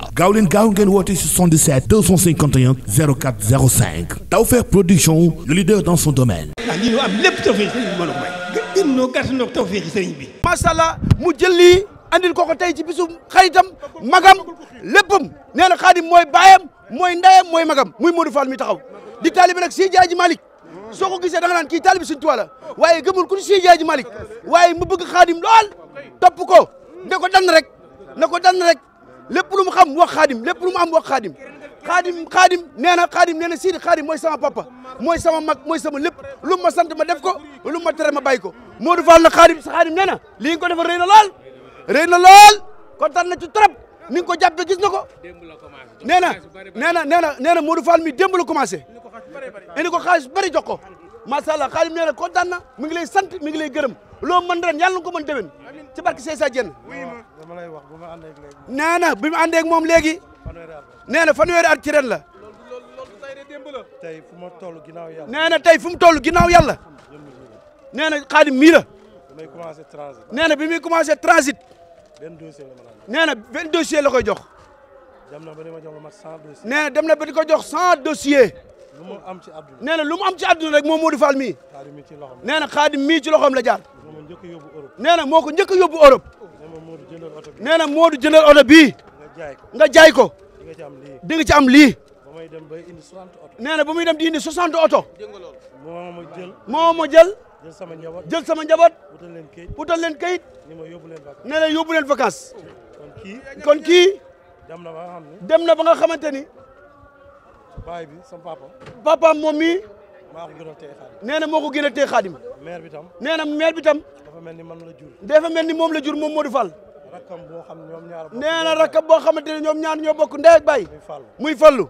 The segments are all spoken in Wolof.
waaw gaaw leen gaaw ngeen Production le leader dans son domaine. Ah, am lépp tawfeex sëriñ bi a may. gën noo gàtt noo tawfeex sëriñ bi. macha mu jël lii andil ko ko tey ci bisu xaritam magam léppam nee na xaadim mooy baayam mooy ndeyam mooy magam muy Modou Fall mi taxaw di taalibe nag si jaaji Malick soo ko gisee da nga naan kii taalibe Sëriñ Tuubaa waaye gëmul ku si jaaji Malick waaye mu bëgg xaadim lool topp ko ne ko dann rek ne ko dann rek. lépp lu mu xam wax xaadim lépp lu mu am wax xaadim xaadim xaadim nee na xaadim nee na Sidi xaadim mooy sama papa mooy sama mag moy sama lépp lu ma sant ma def ko lu ma tere ma bàyyi ko Modou Fall na xaadim sa xaadim nee na ko defal rëy na lool rëy na lool kontaan na ci trop ni ko jàppe gis na ko nee na nee na nee na nee na Modou Fall mi démb la commencé indi ko xaalis bëri jox ko macha allah xaadim nee na kontaan na mi ngi lay sant mi ngi lay gërëm loo mën ren yàlla na ko mën déwén ci barke Seysa Dieng nee na bi mu àndee moom léegi nee na fanweeri at ci ren la nee na tey fu mu toll ginnaaw yàlla nee na xaadim mii la nee na bi muy commencé transit nee na benn dossier la koy jox nee na dem na ba di ko jox cent dossier nee na lu mu am ci àdduna rek moom Modou Fall mii nee na xaadim mii ci loxoom la jaar nee na moo ko njëkk a yóbbu Europe nee na Modou jëndal oto bii nga jaay ko di nga ci am lii nee na ba muy dem di indi 60 oto moo ma jël jël sama njaboot jël sama njaboot wutal leen kayit nee na yóbbu leen vacances kon kii dem na ba nga xamante ni baay bi sama papa papaam moom mii maa ko gën a téye xaadim nee na moo ko gën a téye xaadim maire bi tam nee na maire bi tam dafa mel ni man la jur dafa mel ni moom la jur moom Modou Fall rakkam boo xam ne ñoom ñaar nee na rakkam boo xamante ne ñoom ñaar ñoo bokk ndey ak baay muy fallu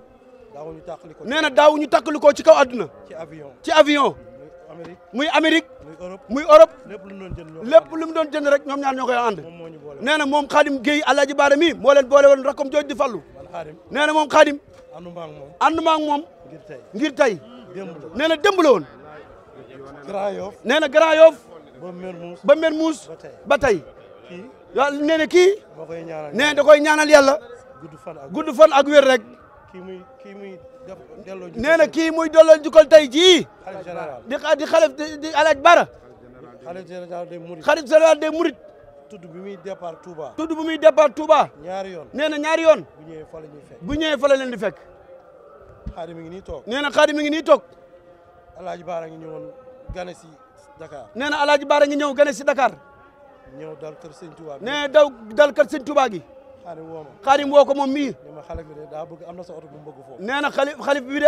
daawuñu tàqalikoo nee na daawuñu tàqalikoo ci kaw àdduna ci avion ci avion muy Amérique muy Europe lépp lu mu doon jënd rek ñoom ñaar ñoo koy ànd nee na moom xaadim Guèye Alaaji Baara mi moo leen boole woon rakkam jooj di fallu nee na moom xaadim ànduma ak moom ngir tey ngir tey nee na démb la woon. nee na Grand Yoff. ba Mermoz ba Mermoz ba tey. waaw nee na kii. nee na koy ñaanal yàlla. gudd fan ak wér rek. nee na kii muy delloo njukkal tey jii. di di xalif di alaaj bara. xalif général des Mourides. xalif général des Mourides. tudd bi muy départ Touba. tudd bi muy départ Touba. ñaari yoon nee na ñaari yoon. bu ñëwee fa la ñëwee fa leen di fekk. xaadi mi ngi nii toog nee na xaadi mi ngi nii toog alaaji baara ngi ñëwoon gane si Dakar nee na alaaji baara ngi ñëw gane si Dakar ñëw dal kër sëñ Touba daw dal kër sëñ Touba gi xaadim woo ma xaadim woo ko moom mii nee na xalif bi de bëgg am na soo oto bu mu bëgg foofu nee na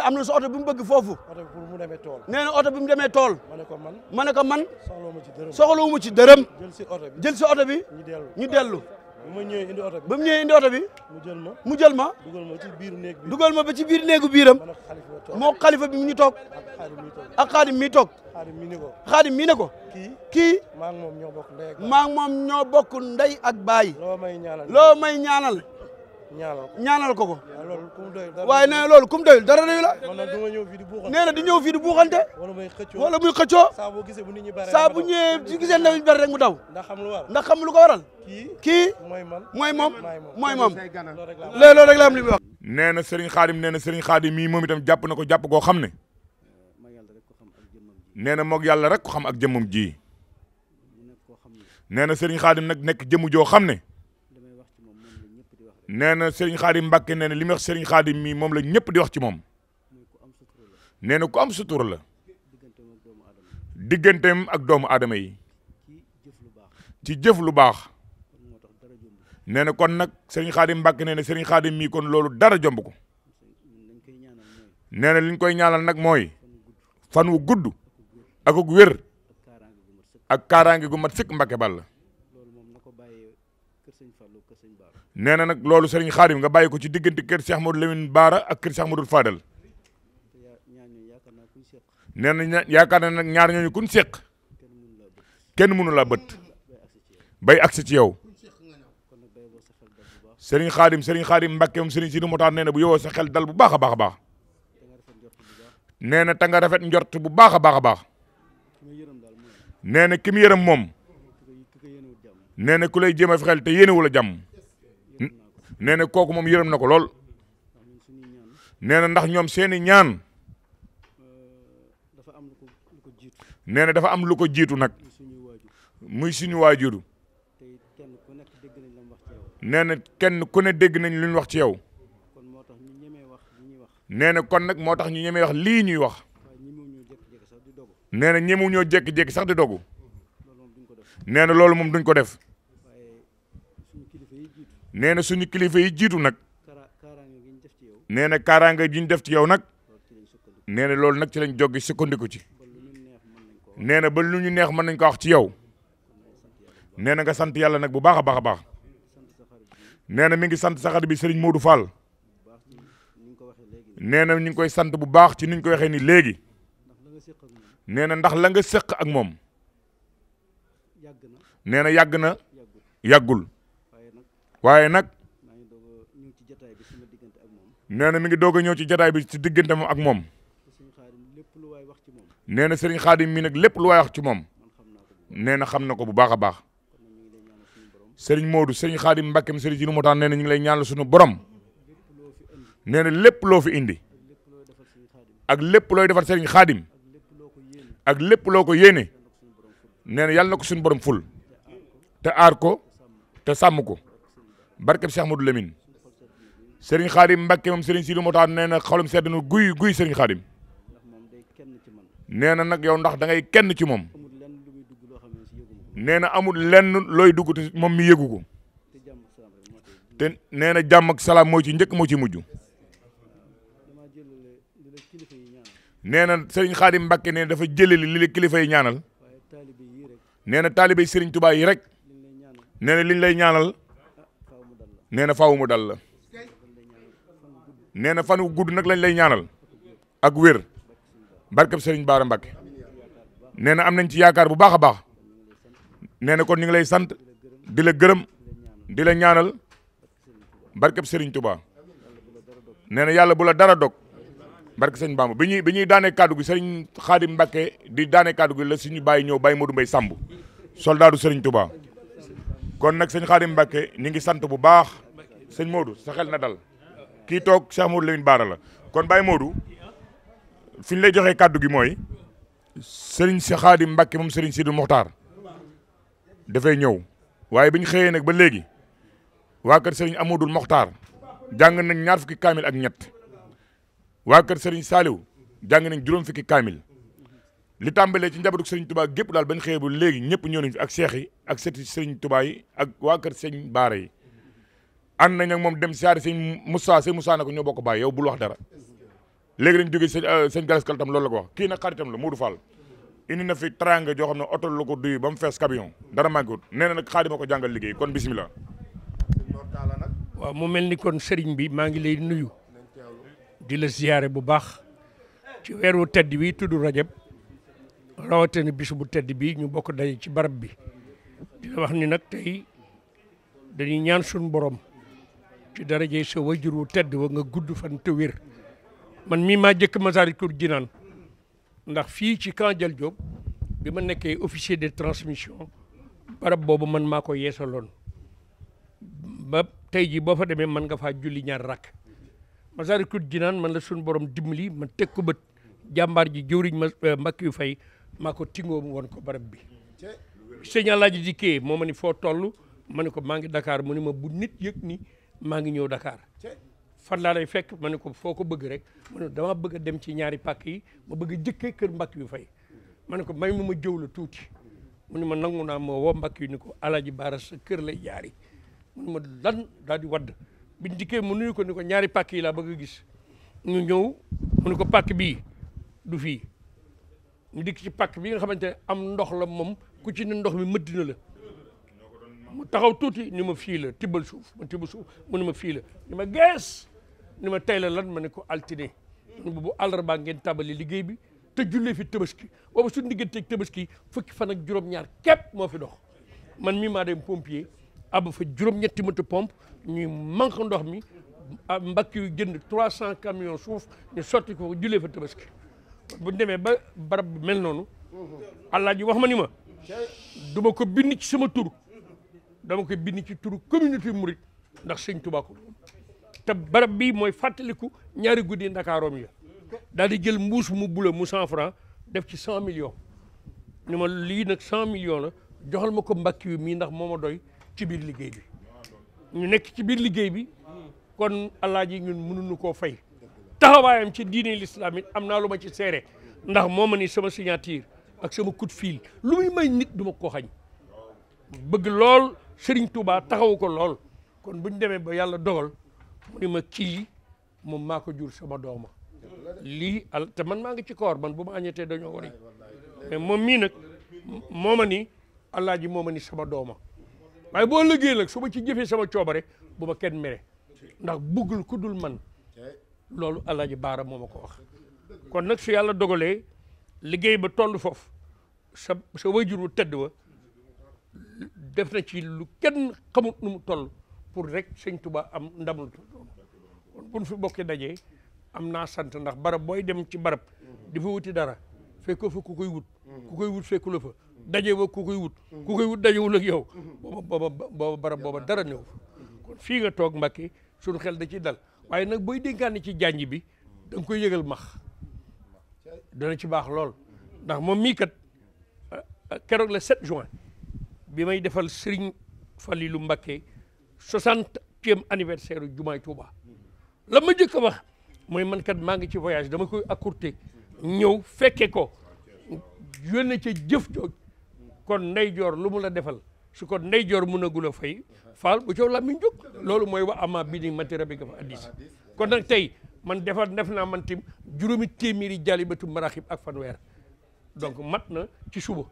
am na sa oto bu mu bëgg foofu oto bi mu demee tool nee oto bi mu demee tool ma ne ko man ma ne ko man soxlawuma ci dërëm soxlawuma ci dërëm jël si oto bi jël si oto bi ñu dellu ñu dellu bu ma ñëwee indi oto bi ba mu ñëwee indi oto bi. mu jël ma mu jël ma. dugal ma biir néeg dugal ma ba ci biir néegu biiram. moo kalifa bi mu ngi toog. ak xaadim mi toog. xaadim mi ne ko. xaadim mi ne ko. kii kii. maa moom ñoo bokk ndey ak maa ngi moom bokk ndey ak baay. loo may ñaanal loo may ñaanal. ñaanal ko ko. waaye nee na loolu kum doyul dara doyul la nee na di ñëw fii di buuxante wala muy xëccoo saa bu ñëwee ci gisee nawet bi rek mu daw ndax xam lu ko waral kii mooy moom mooy moom léegi loolu rek la am li muy wax. nee na Serigne Khadim nee na Serigne Khadim mii moom itam jàpp na ko jàpp koo xam ne nee na moog yàlla rek ko xam ak jëmmam ji nee na Serigne Khadim nag nekk jëmm joo xam ne. nee na Serigne Khadim Mbacke nee li muy wax Serigne Khadim mii moom la ñëpp di wax ci moom nee na ku am sutura la digganteem ak doomu aadama yi ci jëf lu baax nee na kon nag Serigne Khadim Mbacke nee na Serigne Khadim mii kon loolu dara jomb ko nee na li ñu koy ñaanal nag mooy fan wu gudd ak ak wér ak kaaraange gu mat sëkk Mbacke Balla nee na nag loolu sëriñ Xaadim nga bàyyi ko ci diggante kër Cheikh Modou Lamine Baara ak kër Cheikh Modou Fadal nee na yaakaar na nag ñaar ñooñu kun séq kenn mënu laa bët bay agsi ci yow sëriñ Xaadim sëriñ Xaadim Mbàkke moom sëriñ Sidi Motaar nee na bu yowoo sa xel dal bu baax a baax a baax nee na ta rafet njort bu baax a baax a baax nee na ki mu yërëm moom nee na ku lay jéem a fexeel te yéenewul a jàmm nee na kooku moom yërëm na ko lool nee na ndax ñoom seeni ñaan nee na dafa am lu ko jiitu nag muy suñu waajur nee na kenn ku ne dégg nañ lu wax ci yow nee na kon nag moo tax ñu ñemee wax lii ñuy wax nee na ñemu ñoo jékki-jékki sax di dogu nee na loolu moom duñ ko def nee na suñu kilifa yi jiitu nag nee na kaaraanga yi ñu def ci yow nag nee na loolu nag ci lañ joggi sukkandiku ci nee na ba lu ñu neex mën nañ ko wax ci yow nee na nga sant yàlla nag bu baax a baax a baax nee na mi ngi sant saxar bi Serigne Modou Fall nee na ñu ngi koy sant bu baax ci ni ñu ko waxee ni léegi nee na ndax la nga séq ak moom nee na yàgg na yàggul. waaye nag nee na mi ngi doog a ñëw ci jataay bi ci diggante moom ak moom nee na sëriñ xaadim mii nag lépp lu waay wax ci moom nee na xam na ko bu baax a baax sëriñ moodu sëriñ xaadim mbàkkeem sëriñ ji nu mu taan nee na ñu ngi lay ñaanal suñu borom nee na lépp loo fi indi ak lépp looy defar sëriñ xaadim ak lépp loo ko yéene nee na yàlla na ko suñu borom ful te aar ko te sàmm ko barke barkeb Cheikh Modou Lamine seriñ Khadim Mbacke moom Serigne Sidi Motaar nee na xolum sedd na guy guy Serigne Khadim nee na nag yow ndax da ngay kenn ci moom nee na amul lenn looy dugg te moom mi yëgu ko te nee na jàmm ak salaam moo ci njëkk moo ci mujj nee na Serigne Khadim Mbacke nee dafa jëleli li la kilifa yi ñaanal nee na taalibe Serigne Touba yi rek nee na liñ lay ñaanal. nee na faaw mu dal la nee na fan wu gudd nag lañ lay ñaanal ak wér barkeb sëriñ Bara Mbacké nee na am nañ ci yaakaar bu baax a baax nee na kon ñu ngi lay sant di la gërëm di la ñaanal barkeb Serigne Touba nee na yàlla bu dara dog barke sëñ Bamba bi ñuy bi ñuy daanee kàddu gi sëriñ Xaadim Mbakke di daanee kàddu gi la si ñu bàyyi ñëw bay Modou Mbaye sambu soldaadu sëriñ Touba. kon nag sëñ Xaadim Mbàkke ñu ngi sant bu baax sëñ Modou saxel na dal kii toog Cheikh Modou Lamine la kon Baye Modou fi ñu lay joxee kàddu gi mooy sëriñ si Xaadim Mbàkke moom sëriñ Sidi Moxtaar dafay ñëw waaye bi ñu xëyee nag ba léegi waa kër sëriñ Amadul Moxtaar jàng nañ ñaar kaamil ak ñett waa kër sëriñ Saaliw jàng nañ juróom fukki kaamil li tàmbalee ci njabootu Serigne Touba gépp daal bañ xëyee ba léegi ñëpp ñëw nañ fi ak seex ak sëti Serigne Touba yi ak waa kër Serigne Baara yi ànd nañ moom dem siyaare Serigne Moussa Serigne Moussa na ko ñoo bokk baay yow bul wax dara léegi lañ jógee Serigne euh, Serigne Galaskal tam lolo la ko wax kii nag xaritam la Modou Fall indi na fi teraanga joo xam ne oto la ko duy ba mu fees camion dara manqué wut nee na nag xaadima ko jàngal liggéey kon bisimilah. waaw mu mel ni kon Serigne bi maa ngi lay nuyu di bu baax ci weeru tedd rawatina bis bu tedd bi ñu bokk daje ci barab bi dina wax ni nag tey dañuy ñaan suñu borom ci darajey sa wajur wu tedd wa nga gudd fan te wér man mii maa jëkk Masaalikul Jinaan ndax fii ci camp Dial bi ma nekkee officier de transmission barab boobu man maa ko yeesaloon ba tey jii boo fa demee man nga faa julli ñaar rakk Masaalikul Jinaan man la suñu borom dimbali man teg ko bët jàmbaar ji jëwriñ ma eh, mbakk yu fay maa ko tingoo mu ko barab bi sëñ Alaaji dikkee moo ma ni foo toll ma ne ko maa ngi Dakar mu ne ma bu nit yëg ni maa ngi ñëw Dakar fan laa lay fekk ma ne ko foo ko bëgg rek dama bëgg a dem ci ñaari pàkk yi ma bëgg a jëkkee kër mbàkk yu fay ma ne ko may mu ma jëw la tuuti mu ma nangu naa moo woo mbàkk yu ni ko Alaaji Baara sa kër lay jaari mu ma lan daal di wadd biñ dikkee mu nuyu ko ñaari pàkk yi laa bëgg a gis ñëw mu ne ko pàkk bii du fii ñu dikk ci pàkk bi nga xamante ne am ndox la moom ku ci ne mi mëdd na la mu taxaw tuuti ni ma fii la tibbal suuf ma tibb suuf mu ne ma fii la ni ma gees ni ma tey la lan ma ne ko altine mu bu àllarbaa ngeen tàmbali liggéey bi te jullee fi tabaski boobu suñu digganteeg tabaski fukki fan ak juróom-ñaar képp moo fi dox man mii maa dem pompier ab fa juróom-ñetti moto pompe ñuy manque ndox mi ah, mbakk yu jënd 300 camions suuf ñu sotti ko jullee fa bu demee ba barab bu mel noonu alaaji wax ma ni ma du ko bind ci sama tur dama ko bind ci turu communauté Mouride ndax sëñ Tuubaa ko te barab bi mooy fàttaliku ñaari guddi ndakaaroom ya daal di jël mbuus mu bula mu cent franc def ci cent million ni ma lii nag cent million la joxal ma ko mbakki yu mii ndax moo ma doy ci biir liggéey bi ñu nekk ci biir liggéey bi kon alaaji ñun mënuñu koo fay taxawaayam ci diine l'islam it am naa lu ma ci seere ndax moo ma ni sama signature ak sama coup de fil lu may nit du ma ko xañ bëgg lool sëriñ Touba taxawu ko lool kon bu ñu demee ba yàlla dogal mu ni ma kii moom maa ko jur sama dooma lii al te man maa ngi ci koor man bu ma añetee dañoo wari mais moom mii nag moo ma ni alaaji moo ma ni sama dooma waaye boo liggéey nag su ma ci jëfee sama coobare bu ma kenn mere ndax buggul ku dul man loolu Alaaji Baara moo ma ko wax kon nag su yàlla dogalee liggéey ba toll foofu sa sa wayjur tedd wa def na ci lu kenn xamut nu mu toll pour rek sëñ Tuba am ndamul kon buñ fi bokkee dajee am naa sant ndax barab booy dem ci barab di fa wuti dara fekkoo fa ku koy wut ku wut fekku fa daje ba ku wut ku wut dajewul ak yow booba booba booba barab booba dara ñëw kon fii nga toog Mbàkke suñu xel da ci dal waaye nag booy dénkaane ci janj bi da koy yëgal max dana ci baax lool ndax moom mii kat euh, euh, keroog le 7 juin bi may defal Serigne Falilou Mbacké soixantième anniversaire u jumaay Touba la ma jëkk a wax mooy man kat maa ngi ci voyage dama koy accourté ñëw fekke ko yónne ci jëf jooj kon ndey joor lu mu la defal su ko ndeyjoor mun a gul fay faal bu coow làmmiñ jóg loolu mooy wa ama bi ni mati rabi fa addis kon nag tey man defar def naa man tim juróomi téeméeri jaalibatu maraxib ak fanweer donc mat na ci suba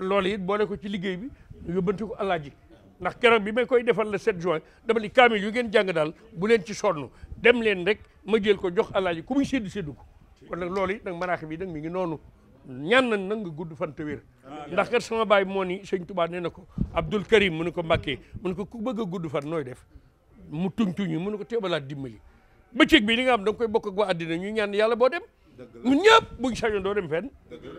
loolu it boole ko ci liggéey bi ñu yóbbante ko alaaji ndax keroog bi may koy defal le 7 join dama ni kaamil yu ngeen jàng daal bu leen ci sonn dem leen rek ma jël ko jox alaaji ku muy séddu séddu ko kon nag loolu it nag maraxib yi nag mi ngi noonu ñaan nañ nag nga gudd fan te wér ndax kat sama baay moo ni sëñ Tuubaa nee na ko Abdul Karim mu ne ko Mbàkke mu ko ku bëgg a gudd fan nooy def mu tuñ tuñi mu ne ko teebalaat dimbali bëccëg bi li nga xam da nga koy bokk ak waa àddina ñu ñaan yàlla boo dem ñun ñëpp buñ sañoon doo dem fenn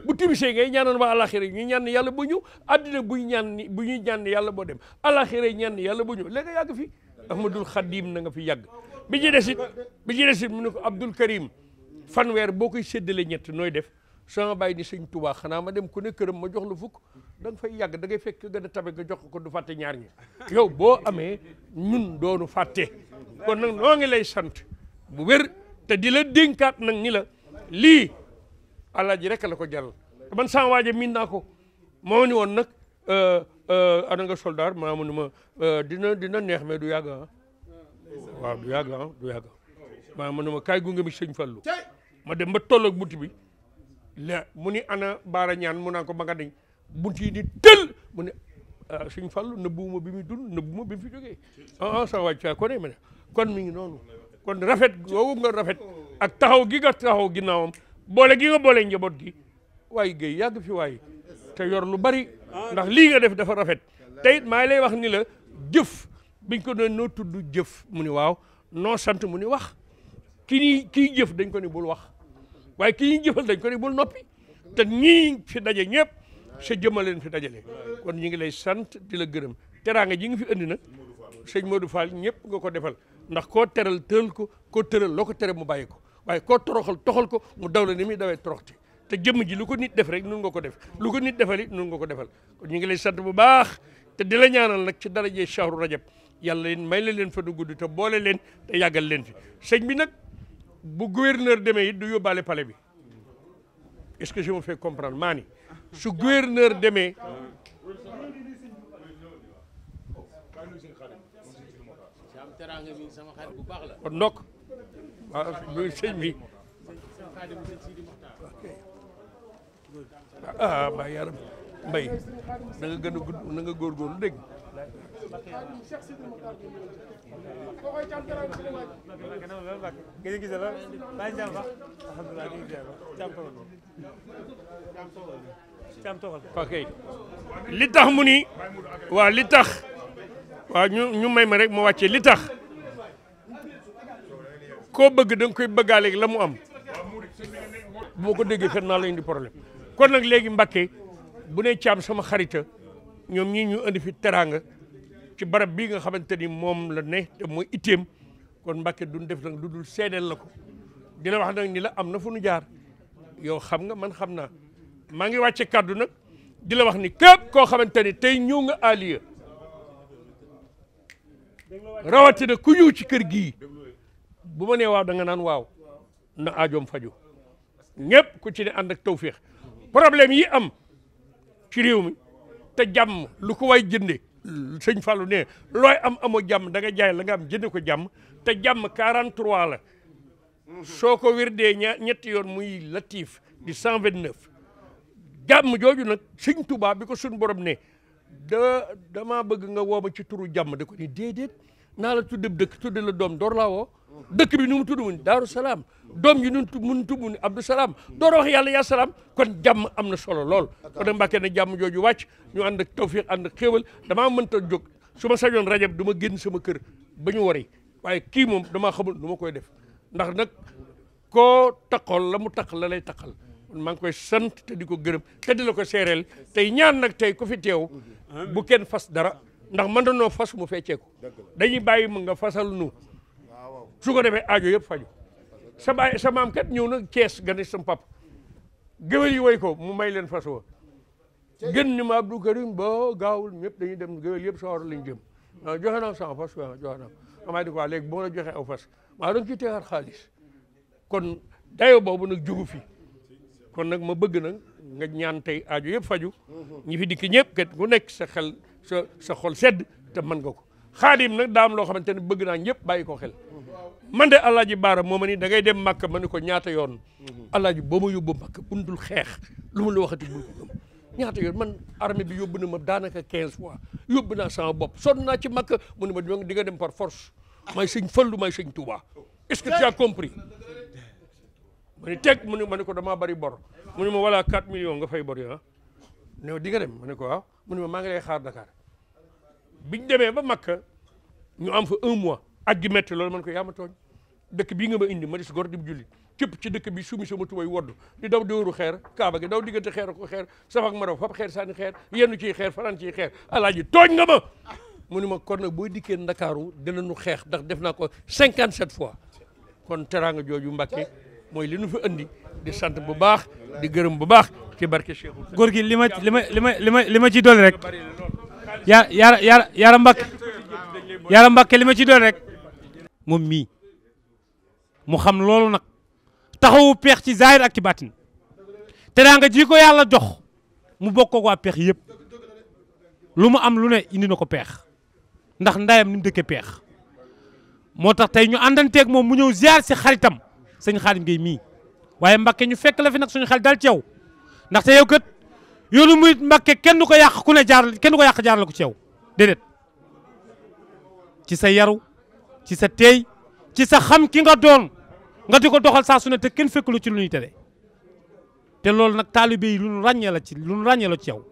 bu timisee ngay ñaanoon waa alaxira ñu ñaan yàlla bu ñu àddina buñ ñaan bu ñuy ñaan yàlla boo dem alaxira ñaan yàlla bu ñu léegi nga yàgg fi Ahmadul Xadim na nga fi yàgg bi ci desit bi ci desit mu ne ko Abdul Karim weer boo koy séddale ñett nooy def sama bàyyi ni sëñ Tuubaa xanaa ma dem ku ne këram ma jox la fukk da nga fay yàgg da ngay fekk gën a tabe nga jox ko du fàtte ñaar ñi yow boo amee ñun doonu fàtte kon nag noo ngi lay sant bu wér te di la dénkaat nag ni la lii alaaji rekk la ko jaral man sama waaje miin naa ko moo ni woon nag euh, euh, ana nga soldaar maa mu ni ma euh, dina dina neex mais du yàgg ah waaw du yàgg ah, du yàgg maa mu ma kaay gunge mi sëñ Fallu ma dem ba toll ak bi la mu ni ana baara ñaan mu naan ko ba nga dañ di tël mu ne ah, fallu fàllu nëbbuwuma bi muy dund nëbbuwuma bi mu fi jógee ah ah sa wàcc ko ne ma kon mi ngi noonu kon rafet googu nga rafet ak taxaw gi nga taxaw ginnaawam boole gi nga boole njaboot gi waaye géey yàgg fi waaye te yor lu bari ndax lii nga def dafa rafet te it maa ngi lay wax ni la jëf biñ ko doon noo tudd jëf mu ni waaw noo sant mu ni wax kii ni kii jëf dañ ko ni bul wax waaye kii ñu jëfal dañ ko ne bul noppi te ñii fi daje ñëpp sa leen fi dajale kon ñu ngi lay sant di la gërëm teraanga ji nga fi andi nag sëñ Modou Fall ñëpp nga ko defal ndax koo teral tëral ko koo tëral loo ko tere mu bàyyi ko waaye koo toroxal toxal ko mu daw la ni muy dawee toroxti te jëmm ji lu ko nit def rek nun nga ko def lu ko nit defali nun nga ko defal kon ñu ngi lay sant bu baax te di la ñaanal nag ci darajee shahru rajab yalla leen may leen fa du gudd boole leen yàggal leen fi sëñ bi nag bu gouverneur demee it du yóbbaale pale bi est-ce que je comprendre maa ni su gouverneur demee kon ndokk waaw ah, sëñ bi ah, ah mbaa yaram mbay na nga gën a na nga góorgóorlu dégg gëj a gis la baa ngi tax mu ni waa li tax waaw ñu ñu may ma rek mu wàccee li tax koo bëgg da nga koy bëggaale la mu am boo ko déggee kat naa la indi problème kon nag léegi Mbàkke bu ne caam sama xarita ñoom ñii ñu indi fi teraanga ci barab bii nga xamante ni moom la ne te mooy itteem kon mbake duñ def nag lu dul seedeel la ko di la wax nag ni la am na fu nu jaar yow xam nga man xam naa maa ngi wàcce kàddu nag di la wax ni képp koo xamante ni tey ñëw nga Aliya rawatina ku ñëw ci kër gi bu ma nee waaw danga naan waaw na aajoom faju ñëpp ku ci ne ànd ak problème yi am ci réew mi te jàmm lu ko way jënde sëñ Fallou ne looy am am jàmm da nga jaay la nga am jënd ko jàmm te jàmm 43 la soo ko wirdee ña ñetti yoon muy latif di 129 jàmm jooju nag sëñ Touba bi ko suñ borom ne da damaa bëgg nga wooma ci turu jàmm da ko ni déedéet naa la tuddeb dëkk tudde la doom door laa woo dëkk bi nu mu tudd mu ni daaru salaam doom yi nu mu tudd mu ni abdou salaam door wax yàlla yaa salaam kon jàmm am na solo lool kon nag mbàkkee ne jàmm jooju wàcc ñu ànd ak tawfiq ànd ak xéewal damaa mënta jóg su ma sañoon rajab du ma génn sama kër ba ñu wari waaye kii moom damaa xamul nu koy def ndax nag ko taqool la mu taq la lay taqal maa ngi koy sant te di ko gërëm te di la ko seereel tey ñaan nag tey ku fi teew bu kenn fas dara ndax mën danoo fas mu fecceeku dañuy bàyyi mu nga fasal nu su ko defee aajo yëpp faju sa baay maam kat ñëw na Cees gane sam pap géwél yi woy ko mu may leen fas wa gën ni ma Abdou Karim ba gaawul ñëpp dañuy dem géwél yëpp sawar lañ jëm waaw naa sama fas waaw joxe naa amaa ko léegi boo la joxe aw fas maa doon ci teexaat xaalis kon dayo boobu nag jugu fi kon nag ma bëgg nag nga ñaan tey aajo yëpp faju mhm. ñi fi dikk ñëpp kat ku nekk sa xel sa sa xol sedd te mën nga ko xaadim nag daam loo xamante ne bëgg naa ñëpp bàyyi ko xel man de alaaji baara moo ma ni da ngay dem màkk ma ni ko ñaata yoon alaaji boo ma yóbbu màkk bundul xeex lu mu la waxati bul ko gëm yoon man armée bi yóbbu na ma daanaka quinze fois yóbbu naa sama bopp sonn naa ci màkk mu ne ma di nga dem par force may sëñ lu may sëñ tuuba est-ce que tu as compris mu teg mu ne ma ne ko damaa bari bor mu ma wala 4 millions nga fay bor yo ah ne di dem ma ne ko waaw ah. mu ma maa ngi lay xaar Dakar biñ demee ba Makka ñu am fa un mois ak ji métti loolu man koy yaa ma tooñ dëkk bii nga ma indi ma dis gor di julli képp ci dëkk bi sumi sama tubay wodd di daw dóoru xeer kaaba gi daw diggante xeer ko xeer saf ak maraw fab xeer sànni xeer yenn ciy xeer fanaan ciy xeer alaaji tooñ nga ma mu ni ma kon nag booy dikkee ndakaaru dinañu xeex ndax def naa ko cinquante sept fois kon teraanga jooju Mbàkke mooy li nu fi andi di sant bu baax di gërëm bu baax ci barke Cheikh góor gi li ma li ma li ma li ma ci dolli rek ya yaara yaara yaara Mbàkke yaara Mbàkke li ma ci doon rek moom mii mu xam loolu nag taxawu peex ci zaahir ak ci baatin te daa nga ji ko yàlla jox mu bokk ko waa peex yëpp lu mu am lu ne indi na ko peex ndax ndayam ni mu peex moo tax tey ñu àndanteeg moom mu ñëw ziar si xaritam sëñ Xaadim Gueye mii waaye Mbàkke ñu fekk la fi nag suñu xel dal ci yow ndaxte yow kët yoonu murit Mbàkke kenn du ko yàq ku ne jaar kenn du ko yàq jaar la ko ci yow ci sa yaru ci sa teey ci sa xam ki nga doon nga di ko doxal saa su ne te kenn fekklu ci lu ñuy tere te loolu nag taalibe yi lu ñu ràññee la ci lu ñu ràññee la ci yow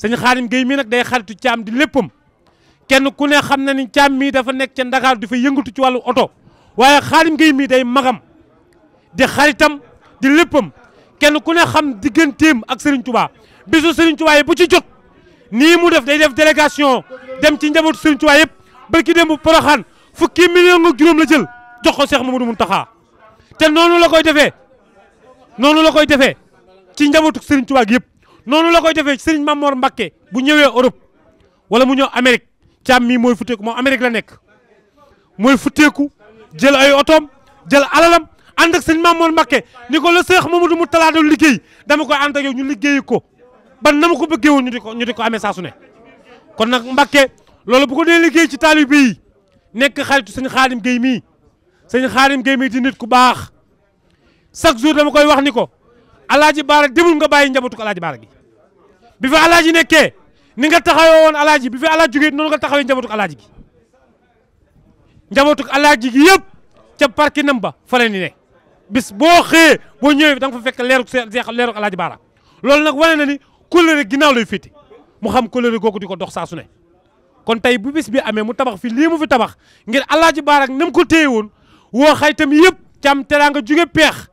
sëñ Xaadim Géy nag day xaritu caam di léppam kenn ku ne xam na ni caam mii dafa nekk ca Ndakaar di fa yëngatu ci wàllu oto waaye Xaadim Géy mii day magam di xaritam di léppam kenn ku ne xam digganteem ak Serigne Touba bisu Serigne Touba yi bu ci jot nii mu def day def délégation dem ci njabootu Serigne Touba yëpp barki dem bu Poroxaan fukki million ak juróom la jël jox ko Cheikh Mamadou Mountakha te noonu la koy defee noonu la koy defee ci njabootu Serigne Touba gi yëpp noonu la koy defee Serigne mamoor Mbakke bu ñëwee Europe wala mu ñëw Amérique càmm mii mooy futteeku moo Amérique la nekk mooy futteeku jël ay otoom jël alalam. ànd ak sëñ Mamour Mbakke ni ko la seex Mamadou mu talaado liggéey dama koy ànd yow ñu liggéey ko ban na ma ko bëggee woon ñu di ko ñu di ko amee saa ne kon nag Mbakke loolu bu ko dee liggéey ci taalibe yi nekk xaritu sëñ Xaadim Guèye mii sëñ Xaadim Guèye mii di nit ku baax chaque jour dama koy wax ni ko alaaji baara demul nga bàyyi njabootu ko alaaji baara gi bi fi alaaji nekkee ni nga taxawee woon alaaji bi fi alaaji jógee noonu nga taxawee njabootu ko alaaji gi njabootu ko ca parkinam ba fa bis boo xëyee boo ñëwee da nga fa fekk leeru seex leeru alaaji baara loolu nag wane na ni kóllëre ginnaaw lay féete mu xam kóllëre googu di ko dox saa su ne kon tey bu bis bi amee mu tabax fi lii mu fi tabax ngir alaaji baara ak nam ko téye woon woo xaytam yëpp cam teraanga jóge peex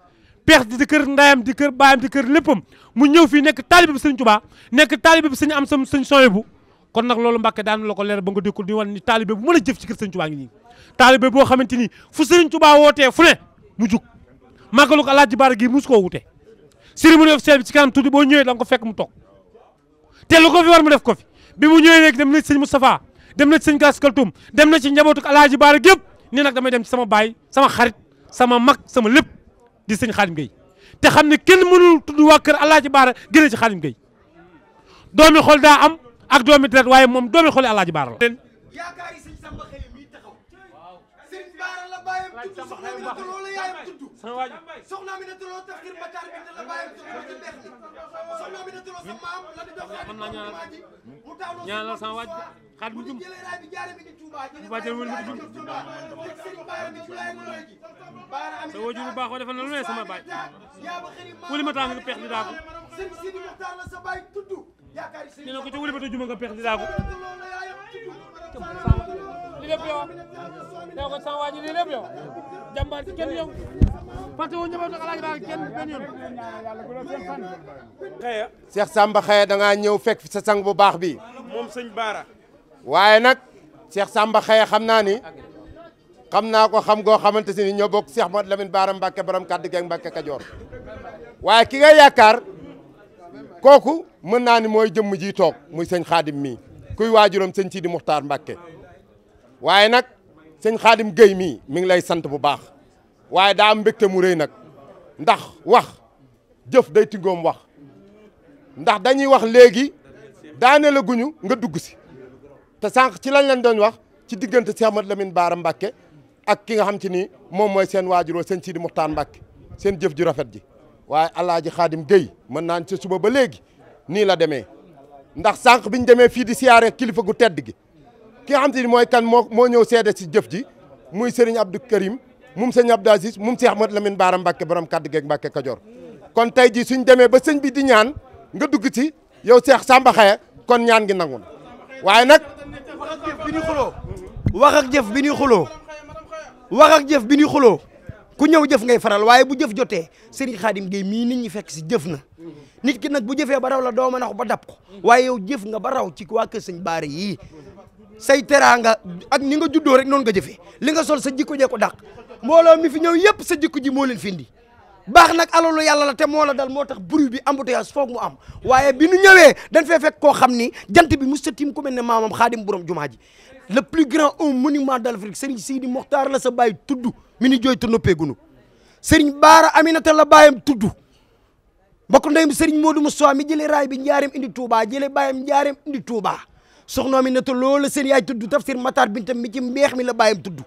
peex di kër ndayam di kër baayam di kër léppam mu ñëw fii nekk taalibe bi sëñ Tuubaa nekk taalibe bi sëñ am sam sëñ sooy bu kon nag loolu mbàkke daanu la ko leer ba nga dékkul di wan ni taalibe bu mën a jëf ci kër sëñ Tuubaa ngi nii taalibe boo xamante ni fu sëñ Tuubaa wootee fu ne mu jug màggalu ko Alaaji Baara gi mus koo wute cérémonie officielle bi ci kanam tuuti boo ñëwee da ko fekk mu toog te lu ko fi war mu def ko fi bi mu ñëwee rek dem na ci sëñ Moustapha dem na ci sëñ Gass Kaltoum dem na ci njabootu Alaaji Baara gépp ni nag damay dem ci sama baay sama xarit sama mag sama lépp di sëñ Xaadim Gueye te xam ni kenn mënul tudd waa kër Alaaji Baara gën a ci Xaadim Gueye doomi xol daa am ak doomi deret waaye moom doomi xoli Alaaji Baara la tudd soxna Aminata Lô yaayam tudd. soxna Aminata Lô tafsir Bakar bi la bàyyam tudd ba ci dex li soxna Aminata Lô sa maam la di dox xaati mu taawloo ñaanal sama waaj xaat bu jum jëlee raay bi jaare bi ci Touba jëlee raay bi jaare bi ci Touba fekk sëriñ Baara bi Sulaay Ndoy ji Baara Aminata sa wajur bu baaxoo defal na lu ne sama baay wuli ma tàng pex di daagu sëriñ Sidi Muxtaar la sa baay tudd nee na ko ca Samba xëya da ngaa ñëw fekk fi sa bu baax bi moom sëñ Baara waaye nag Cheikh Samba xëya xam naa ni xam naa ko xam goo xamante si ni ñoo bokk Cheikh Modou Lamine Baara Mbacke borom kàddu geeg Mbacke Kajoor waaye ki nga yaakaar kooku mën naa ni mooy jëmm ji toog muy sëñ xaadim mii kuy waajuram sëñ Sidi Muxtaar Mbàkke waaye nag sëñ xaadim Guèye mii mi ngi lay sant bu baax waaye daa am mbégte mu rëy nag ndax wax jëf day tingoom wax ndax dañuy wax léegi daane la guñu nga dugg si te sànq ci lañ leen doon wax ci diggante Cheikh Ahmadou Lamine Bara mbakke ak ki nga xam ci ni moom mooy seen waajuroo sëñ Sidi Muxtaar Mbàkke seen jëf ju rafet ji waaye alaaji xaadim Guèye mën naa ni suba ba léegi nii la demee ndax sànq bi ñu demee fii di siyaare kilifa gu tedd gi kii nga xam te mooy kan moo moo ñëw seede si jëf ji muy Serigne Abdou Karim mum sëñ Abdou Aziz mum Cheikh Ahmad lemin Baara Mbacke borom kàdd geeg Mbacke Kajoor kon tey jii suñ demee ba sëñ bi di ñaan nga dugg ci yow seex Samba Xaye kon ñaan gi nangu na waaye nag. wax ak jëf bi ñuy xuloo wax ak jëf bi ñuy xuloo wax ak jëf bi ñuy xuloo ku ñëw jëf ngay faral waaye bu jëf jotee Serigne Khadim Gueye mii nit ñi fekk si jëf na nit ki nag bu jëfee ba raw la doo mën a ba dab ko waaye yow jëf nga ba raw ci waa kër sëñ Baara yii say teraanga ak ni nga juddoo rek noonu nga jëfee li nga sol sa jikko jee ko dàq mbooloo mi fi ñëw yëpp sa jikko ji moo leen fi indi baax nag alalu yàlla la te moo dal moo tax bruit bi embouteillage foog mu am waaye bi nu ñëwee dañ fee fekk koo xam ni jant bi musta tiim ku mel ne maamam Khadim borom jumaa ji le plus grand homme monument d'Afrique Serigne Sidi Mokhtar la sa bàyyi tudd mini ni jooy te noppeegunu sëriñ baara aminata la baayam tudd mbokk ndeyam sëriñ Modou Moussa mi jëlee raay bi njaareem indi Touba jëlee baayam njaareem indi Touba soxna Aminata loolu la seen yaay tudd tafsir Matar Bintam mi jim mbeex mi la bayam tudd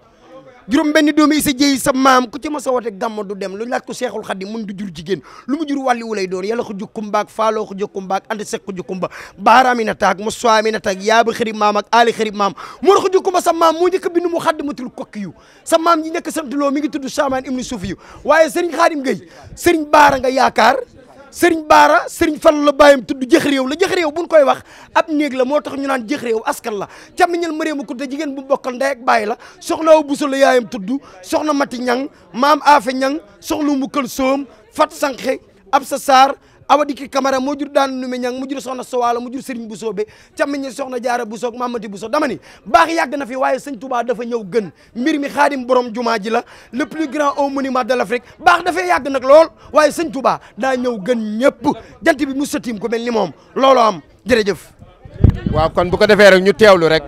juróom benn doomi isa jéy sa maam ku ci ma sa wote gàmm du dem lu laaj ko seexul xadim mun du jur jigéen lu mu jur wàlli wu lay doon yàlla ko jukkumbaak faaloo ko jukkumbaak ànd sek ko jukkumba mi na taag mu soami a taag yaaba xarit maam ak aali xarit maam mu ko jukkumba sa maam moo njëkk bind mu xaddamatul kokki yu sa maam ñi nekk sant loo mi ngi tudd saamaan ibnu suuf yu waaye sëriñ xaadim gay sëriñ baara nga yakaar sëriñ baara sëriñ Fallu la bàyyam tuddu jëx réew la jëx réew buñ koy wax ab néeg la moo tax ñu naan jëx réew askan la càmmiñal Mariama Kunta jigéen bu bokkal ndey ak bàyyi la soxna Awa Buso la yaayam tudd soxna mati ñang maam aafe ñang soxna mu kël soom fat sànqe ab sa saar awa dikki camara moo jur daan nume ñang mu jur soxna sowaala mu jur sëriñ bu soobe càmmiñi soxna jaara bu soog mamati bu so dama ni baax yàgg na fi waaye sëñ Touba dafa ñëw gën mbir mi xaadim borom jumaa ji la le plus grand au monument de l'Afrique baax dafay yàgg nag lool waaye sëñ Touba daa ñëw gën ñëpp jant bi mu sëtiim ku mel ni moom looloo am jërëjëf waaw kon bu ko defee rek ñu teewlu rek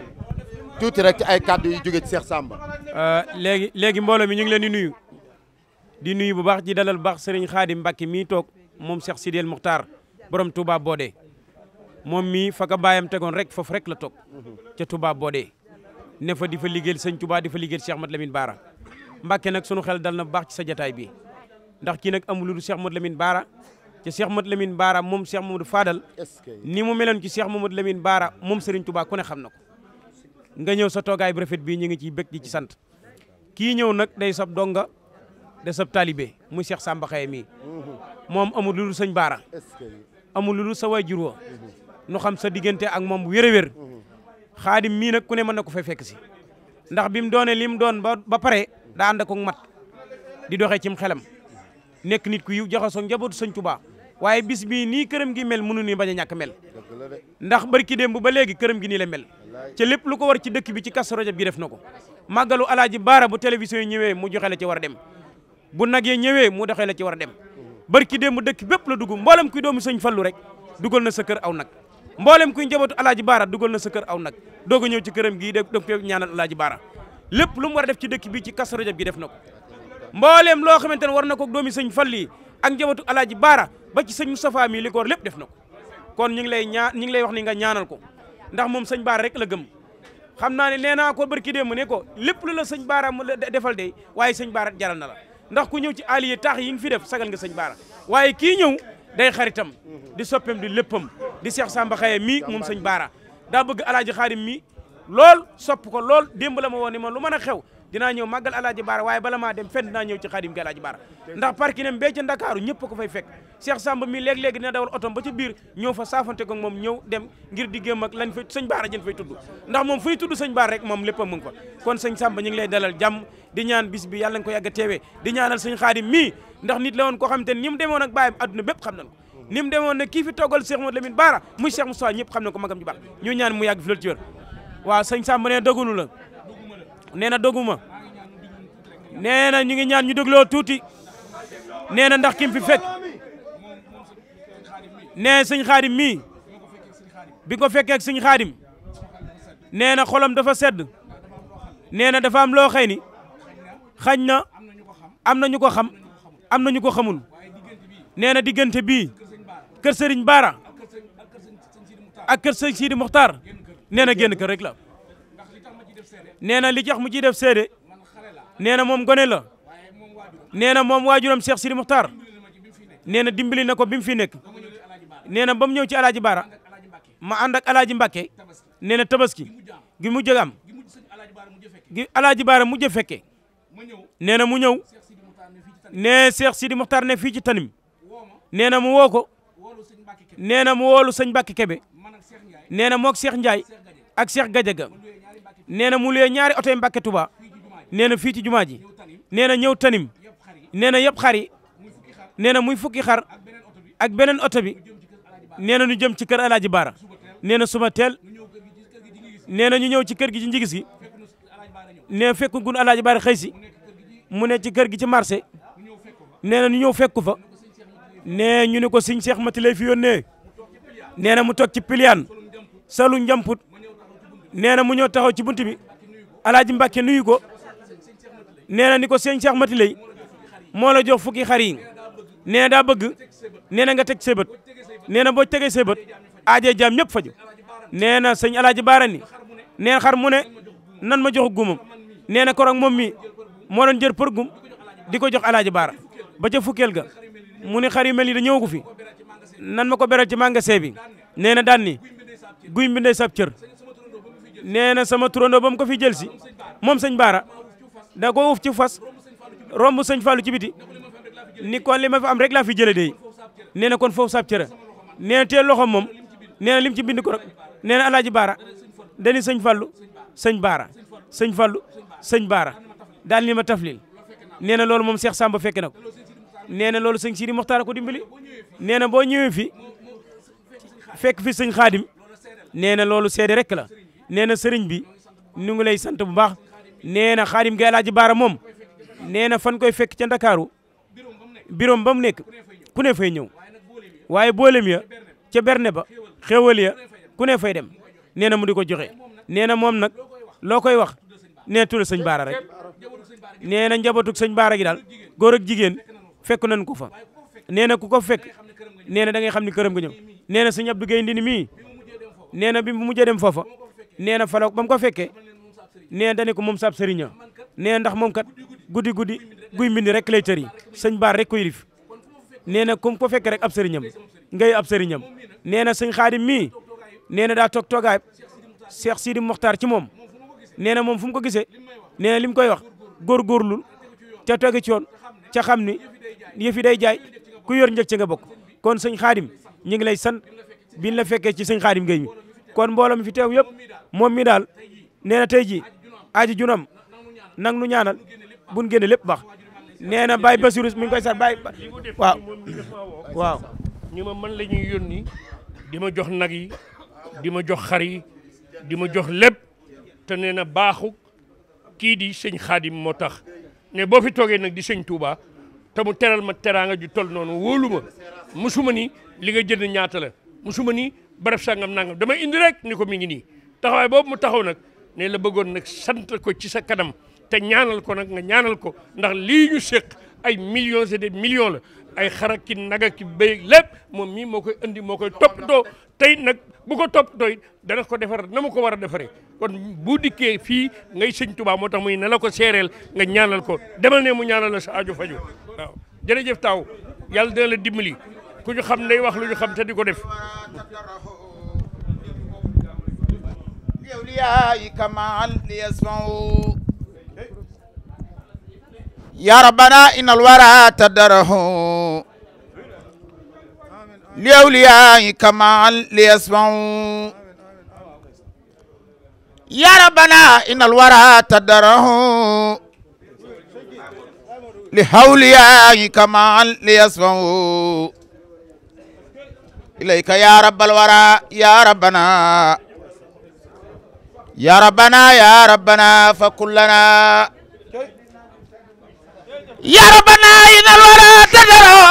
tuuti rek ci ay kàddu yu jóge ci euh, léegi léegi mbooloo mi ñu ngi leen di nuyu di nuyu bu baax ji dalal bu baax sëriñ xaadim Mbacke mii toog moom Cheikh Sidil Muxtaar borom Touba Bodé moom mii fa baayam tegoon rek foofu rek la toog ca Touba Bodé ne fa di fa liggéeyal sëñ Touba di fa liggéeyal Cheikh Mat Lamine Baara Mbàkke nag sunu xel dal na bu baax ci sa jataay bi ndax kii nag amul lu dul Cheikh Mat Lamine Baara ca Cheikh Mat Lamine Baara moom Cheikh Mamadou Fadal ni mu meloon ci Cheikh Mamadou Lamine Baara moom Serigne Touba ku ne xam na ko nga ñëw sa toogaay bu rafet bii ñu ngi ciy bëgg di ci sant kii ñëw nag day sab donga de sab taalibe mu Cheikh Samba Xaye mii moom amul lu dul Baara amul lu dul sa waajur wa nu xam sa diggante ak moom bu wér a wér xaadim mii nag ku ne mën na ko fa fekk si ndax bi mu doone li mu doon ba ba pare daa ànd ak mat di doxee cim xelam nekk nit ku yiw jaxasoo njabootu sëñ Tuubaa waaye bis bii nii këram gi mel mënu ni bañ a ñàkk mel ndax barki démb ba léegi këram gi nii la mel ca lépp lu ko war ci dëkk bi ci Kazu Rajab gi def na ko màggalu alaaji baara bu télévision yi ñëwee mu joxe la ci war a dem bu nag yee ñëwee mu dexee la ci war a dem barki démb dëkk bépp la dugg mboolem kuy doomu sëñ fallu rek dugal na sa kër aw nag mboolem kuy njabootu alaaji baara dugal na sa kër aw nag doog ñëw ci këram gii de dog ko ñaanal alaaji lépp lu mu def ci dëkk bi ci Kazu Rajab gi def na ko mboolem loo xamante ne war na ko doomi sëñ fall yi ak njabootu alaaji baara ba ci sëñ Moustapha mi li ko war lépp def na ko kon ñu ngi lay ñaa ñu ngi lay wax ni nga ñaanal ko ndax moom sëñ baara rek la gëm xam naa ne nee naa ko barki mu ne ko lépp lu la sëñ baara defal de waaye sëñ baara jaral na la ndax ku ñëw ci aliye taax yi nga fi def sagal nga sëñ baara waaye kii ñëw day xaritam di soppeem di léppam di Cheikh Samba Xaye mii moom sëñ baara daa bëgg alaaji xaadim mi lool sopp ko lool démb la ma woon ni ma lu mën a xew dinaa ñëw màggal alaaji baara waaye bala maa dem fenn dinaa ñëw ci xaadim gi alaaji baara ndax parkinem bee ca ndakaaru ñëpp ko fay fekk Cheikh Samba mi léeg-léeg dina dawal otom ba ca biir ñëw fa saafante ko moom ñëw dem ngir diggéem ak lañ fay sëñ baara jën fay tudd ndax moom fuy tudd sëñ baara rek moom lépp mu ngi fa kon sëñ Samba ñu ngi lay dalal jàmm di ñaan bis bi yàlla nga ko yàgg a teewee di ñaanal sëñ xaadim mii ndax nit la woon koo xam te ni mu demoon ak bàyyam adduna bépp xam nañ ko ni mu demoon ne kii xam nañ ko magam ju baax ñaan mu yàgg fi loolu ci la nee na doguma nee na ñu ngi ñaan ñu dégloo tuuti nee na ndax kim fi fekk nee sëñ xaadim mii bi ko fekkee ak sëñ xaadim nee na xolam dafa sedd nee na dafa am loo xëy ni xañ na am na ñu ko xam am na ñu ko xamul nee na diggante bii kër sëriñ Baara ak kër sëñ Sidi Muxtaar nee na génn kër rek la nee na li tax mu ciy def seede nee na moom gone la nee na moom waajuram Cheikh Sidi Muxtaar nee na dimbali na ko bi mu fi nekk nee na ba ñëw ci alaaji Baara ma ànd ak alaaji Mbàkke nee na tabaski gi mu jëg am gi alaaji Baara mu jë fekke nee na mu ñëw nee Cheikh Sidi Muxtaar ne fii ci tanim nee na mu woo ko nee na mu woolu sëñ Mbàkke Kebe nee na moog Cheikh Ndiaye ak gaja Gadiaga nee na mu lee ñaari oto yi Mbàkke Tuba nee na fii ci jumaa ji nee na ñëw tanim nee na yëpp xar yi nee na muy fukki xar ak beneen oto bi nee na ñu jëm ci kër Alaaji Baara nee na suba teel nee na ñu ñëw ci kër gi ci njigis gi nee na fekk gun Alaaji Baara xëy si mu ne ci kër gi ci marché nee na ñu ñëw fekku fa nee ñu ne ko sëñ Cheikh Mati lay fi yónnee nee na mu toog ci piliyaan salu njamput nee na mu ñoo taxaw ci bunt bi alaaji mbakke nuyu ko nee na ni ko sëñ Cheikh Mati lay moo la jox fukki xar yi nee daa bëgg nee na nga teg sa bët nee na boo tegee sa bët aajee jaam ñëpp faju nee na sëñ alaaji ni nee xar mu ne nan ma jox gumam nee na korog moom mi moo doon jër për gum di ko jox alaaji Baara ba ca fukkeel ga mu ne xar yu mel ni da ñëwagu fi nan ma ko beral ci magasin bi nee na daan guy mbindee sab cër nee na sama turandoo ba mu ko fi jël si moom sëñ Baara da ko ci fas romb sëñ Fallou ci biti ni kon li ma fi am rek laa fi jëlee de nee na kon foofu sab cëra nee na teel moom nee na lim ci bind ko rek nee na alaaji Baara dañuy sëñ Fallou sëñ Baara sëñ Fallou sëñ Baara daal ni ma taflil nee na loolu moom Cheikh Samba fekk na ko nee na loolu sëñ Sidi Mokhtar ko dimbali nee na boo ñëwee fi fekk fi sëñ Xaadim nee na loolu seede rek la. nee na sëriñ bi nu ngi lay sant bu baax nee na xaadim gay laaji baara moom nee na fan koy fekk ca ndakaaru birom ba mu nekk ku fay ñëw waaye boolem ya ca berne ba xéwal ya ku ne fay dem nee na mu di ko joxe nee na moom nag loo koy wax nee tudd sëñ baara rek nee na njabootug sëñ baara gi daal góor ak jigéen fek nañ ko fa nee na ku ko fekk nee na da ngay xam ni këram nga ñëw nee na sëñ Abdou Guèye Ndini mii bi mu mujjee dem foofa nee na fala ba mu ko fekkee nee na ko moom sab sëriña nee na ndax moom kat guddi guddi guy mindi rek lay tëri sëñ baar rek koy rif nee na ku mu ko fekkee rek ab sëriñam ngay ab sëriñam nee na sëñ xaadim mii nee na daa toog toogaay Cheikh Sidi Mokhtar ci moom nee na moom fu ko gisee nee na li mu koy wax góorgóorlul ca tege ci yoon ca xam ni yëf day jaay ku yor njëg ci nga bokk kon sëñ xaadim ñu ngi lay san biñ la fekkee ci sëñ xaadim ngay mi kon mbooloo mi fi teew yëpp moom mi daal nee na tey jii aji junam nang nu ñaanal buñ génne lépp baax nee na Baye Bassirou mi ngi koy sar Baye waaw waaw ñu ma man la ñuy yónni di ma jox nag yi di ma jox xar yi di ma jox lépp te nee na baaxu kii di sëñ xaadim moo tax ne boo fi toogee nag di sëñ Touba te mu teral ma teraanga ju tol noonu wóolu ma musuma ni li nga jënd ñaata la musuma ni barab sangam nangam damay indi rek ni ko mi ngi nii taxawaay boobu mu taxaw nag ne la bëggoon nag sant ko ci sa kanam te ñaanal ko nag nga ñaanal ko ndax lii ñu ay millions et million la ay xarak ki naga ki béy lépp moom mii moo koy indi moo koy toppatoo tey nag bu ko toppatoo it dana ko defar na mu ko war a defaree kon bu dikkee fii ngay sëñ Tuubaa moo tax muy ne la ko seereel nga ñaanal ko demal ne mu ñaanal la sa aajo faju waaw jërëjëf taaw yàlla dina la dimbali ku ñu xam nay wax lu ñu xam te di ko def يا ربنا إن الورى تدره لأولياء كما ليسمعوا يا ربنا إن الورى تدره لهولياء كما ليسمعوا ilayka ya rabbal wara ya rabbana ya rabbana ya rabbana fa kullana ya rabbana inal wara tadaro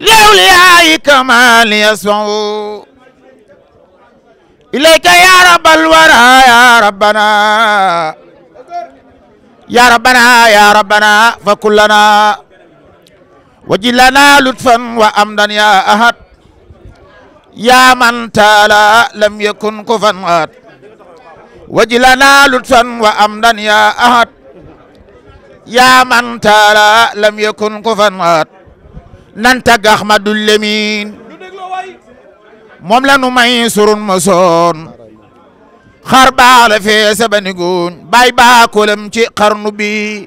لأولياء كمال يسمعوا إليك يا رب الورى يا ربنا يا ربنا يا ربنا فكلنا waji lana lutfan wa amdan ya ahad ya man taala lam yakun kufan ahad waji lana wa amdan ya ahad ya man taala lam yakun kufan ahad nan tag ahmadul lemin moom la nu may surun ma soon xar baa la fee sabani guñ ci xarnu bi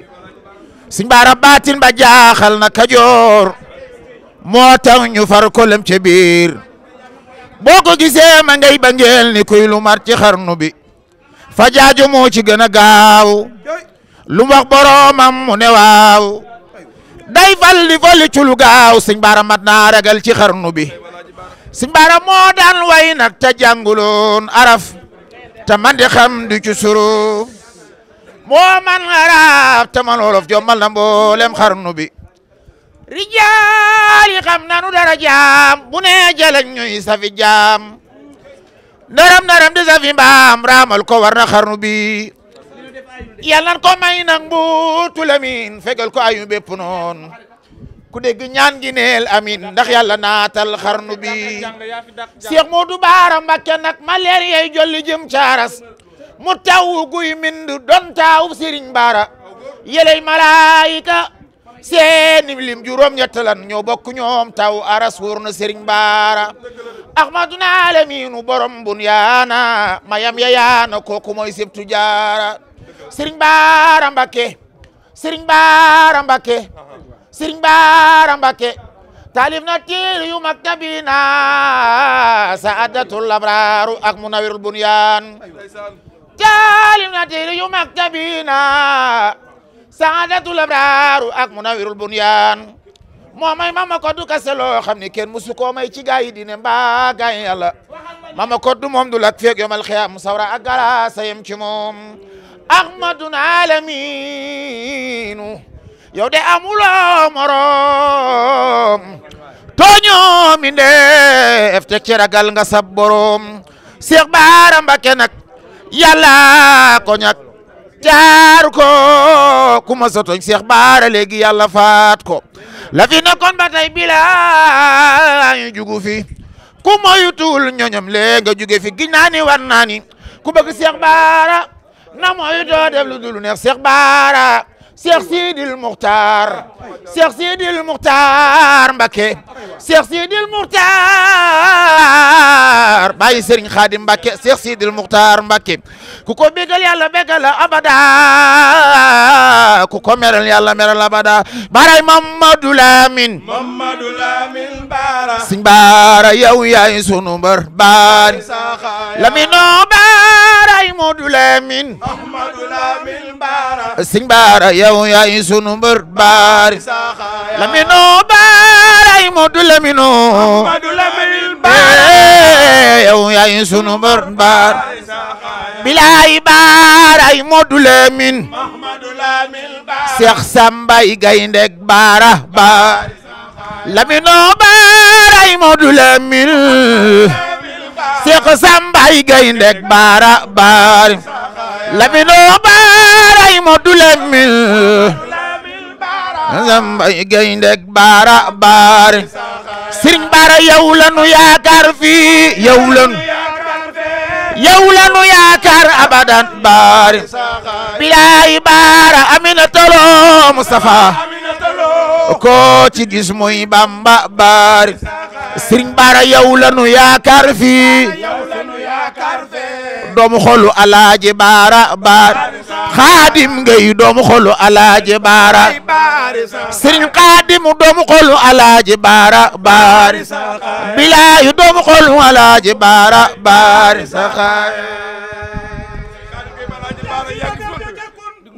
siñ baara baatin ba jaaxal na kajoor moo tax ñu far ko lem boo ko gisee ma ngay ba ni kuy lu ci xarnu bi fa jaajo moo ci gën a gaaw lu wax boroomam mu ne waaw day falli falli ci lu gaaw siñ baara mat naa ci xarnu bi siñ moo daan way nag te jànguloon araf te man xam du ci moo man arab te man wolof jommal na mboolem xarnu bi rijaali xam nanu dara bu nee jalañ ñuy safi jaam ndaram ndaram di safi mbaam raamal ko war na xarnu bi yal nan ko may nang mbuutu lamin fegal ko ayu bépp noon ku dégg ñaan gi neel amin ndax yàlla naatal xarnu bi Cheikh Modou Bara Mbacké nag ma jolli jëm caaras mu taw guy mindu don taaw sëriñ baara yeley malaayika seeni lim juróom ñett lan ñoo bokk ñoom taw aras wóor na baara ahmadun alamiinu borom bun yaana mayam ya yaana kooku mooy sibtu jaara sëriñ baara mbakke sëriñ baara mbakke taalif na tiir yu mag tabina saadatul abraaru ak munawirul bunyaan jaalim na téere yu mag ca biina ak munawirul bunyaan moo may mama kase loo xam ni kenn musu koo may ci gaa yi dine mbaa gaa yi yàlla mama koddu moom du lak feeg yomal xiyaam sawra ak gara sayem ahmadun alaminu yow de amuloo morom tooñoo mi ndeef te ci ragal nga sab borom Seex Baara Mbakke nag yàlla ko ñàkk jaar ko ku ma sotoñ Seex Baara léegi yàlla faat ko la fi nekkoon ba tey bilaa ñu jugu fi ku moytuwul ñoñam léegi nga juge fi giñ naa war naa ku bëgg Seex Baara na moytoo def lu dul neex Seex Baara Cheikh Sidil Muxtaar Cheikh Sidil Muxtaar Mbakke Cheikh Sidil Muxtaar bàyyi Serigne Khadim Mbakke Cheikh Sidil Muxtaar Mbakke ku ko bégal yàlla bégal abada ku ko meral yàlla meral abada baray Mamadou Lamine Mamadou Lamine Bara Serigne Bara yow yaay sunu mbar baari Lamine Ahmadou Lamine Ahmadou Lamine Bara Sëñ Bara yow yaay sunu mbër baari Lamine Bara Ahmadou Lamine Ahmadou Lamine Bara eh, yow yaay sunu mbër baari bilaay Bara Ahmadou Lamine Ahmadou Lamine Bara Seex Sambay gayndek Bara baari Lamine Bara Ahmadou Lamine Seex Sambay gayndek baara baari labinoo baaray mo dulem mil Sambay gayndek baara baari Sëriñ Baara yow lanu yaakaar fii yow lanu yow lanu yaakaar abadan baari bilaay baara amina tolo Mustafa ko ci gis muy Bamba baari Sëriñ Bara yow la nu yaakaar fii doomu xolu alaaji Bara Bara xaadim ngay doomu xolu alaaji Bara Sëriñ xaadim doomu xolu alaaji Bara Bara bilaayu doomu xolu alaaji Bara Bara saxaay